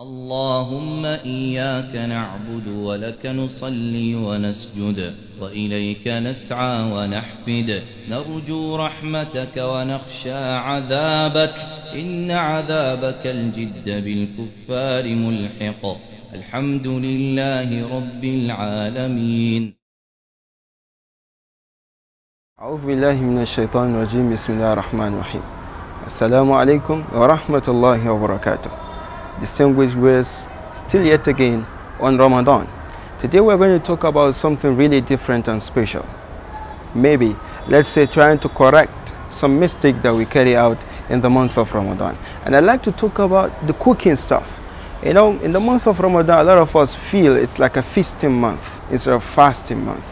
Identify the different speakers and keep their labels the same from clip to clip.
Speaker 1: اللهم إياك نعبد ولك نصلي ونسجد وإليك نسعى ونحفد نرجو رحمتك ونخشى عذابك إن عذابك الجد بالكفار ملحق الحمد لله رب العالمين أعوذ بالله من الشيطان الرجيم بسم الله الرحمن الرحيم السلام عليكم ورحمة الله وبركاته distinguished was still yet again on Ramadan. Today we're going to talk about something really different and special. Maybe, let's say trying to correct some mistake that we carry out in the month of Ramadan. And I'd like to talk about the cooking stuff. You know, in the month of Ramadan, a lot of us feel it's like a feasting month instead of fasting month.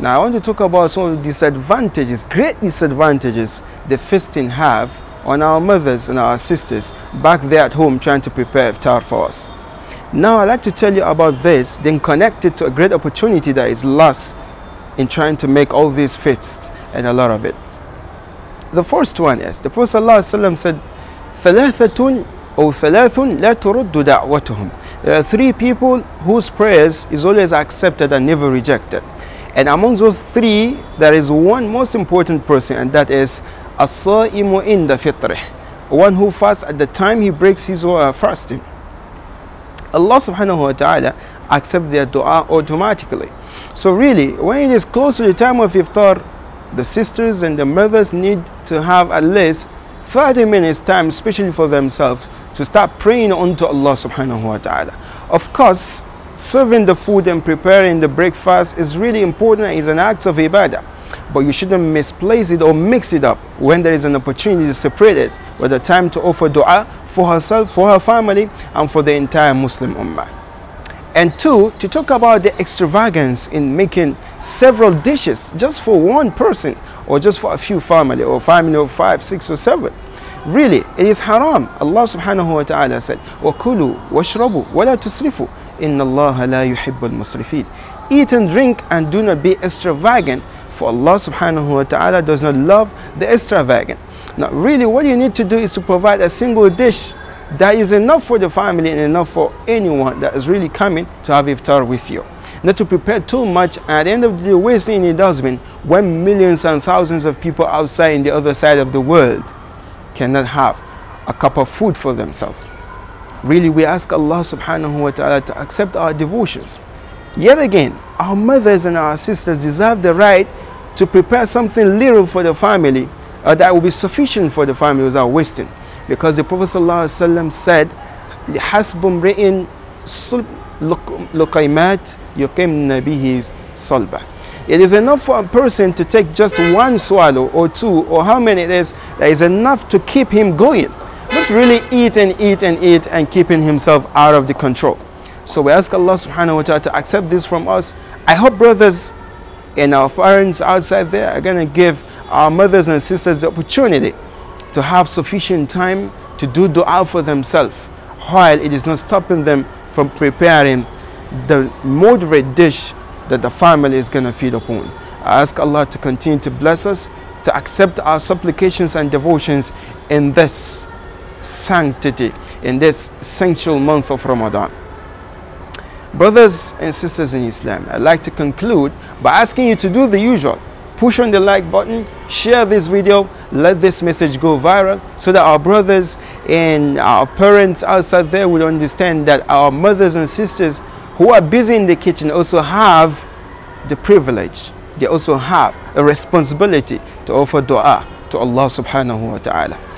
Speaker 1: Now I want to talk about some of the disadvantages, great disadvantages the feasting have on our mothers and our sisters back there at home trying to prepare iftar for us. Now I'd like to tell you about this, then connect it to a great opportunity that is lost in trying to make all these fits and a lot of it. The first one is the Prophet ﷺ said, ثلاثة أو ثلاث لا ترد دعوتهم. There are three people whose prayers is always accepted and never rejected. And among those three, there is one most important person, and that is in the fitr, one who fasts at the time he breaks his uh, fasting. Allah subhanahu wa ta'ala accepts their dua automatically. So really, when it is close to the time of iftar, the sisters and the mothers need to have at least 30 minutes time, especially for themselves, to start praying unto Allah subhanahu wa ta'ala. Of course, serving the food and preparing the breakfast is really important It's an act of ibadah but you shouldn't misplace it or mix it up when there is an opportunity to separate it with the time to offer dua for herself, for her family, and for the entire Muslim Ummah. And two, to talk about the extravagance in making several dishes just for one person or just for a few family or family of five, six, or seven. Really, it is haram. Allah subhanahu wa ta'ala said, وَكُلُوا وَاشْرَبُوا وَلَا تُسْرِفُوا إن la لا يحب Eat and drink and do not be extravagant for Allah subhanahu wa ta'ala does not love the extravagant. Now really what you need to do is to provide a single dish that is enough for the family and enough for anyone that is really coming to have iftar with you. Not to prepare too much at the end of the day wasting does mean when millions and thousands of people outside in the other side of the world cannot have a cup of food for themselves. Really, we ask Allah subhanahu wa ta'ala to accept our devotions. Yet again, our mothers and our sisters deserve the right to prepare something little for the family uh, that will be sufficient for the family without wasting. Because the Prophet ﷺ said, Hasbum ri'in luqaymat yuqim nabihi salba. It is enough for a person to take just one swallow or two or how many it is that is enough to keep him going not really eat and eat and eat and keeping himself out of the control. So we ask Allah subhanahu wa ta'ala to accept this from us. I hope brothers and our parents outside there are going to give our mothers and sisters the opportunity to have sufficient time to do dua for themselves while it is not stopping them from preparing the moderate dish that the family is going to feed upon. I ask Allah to continue to bless us, to accept our supplications and devotions in this sanctity in this sensual month of Ramadan. Brothers and sisters in Islam, I'd like to conclude by asking you to do the usual. Push on the like button, share this video, let this message go viral so that our brothers and our parents outside there will understand that our mothers and sisters who are busy in the kitchen also have the privilege. They also have a responsibility to offer dua to Allah subhanahu wa ta'ala.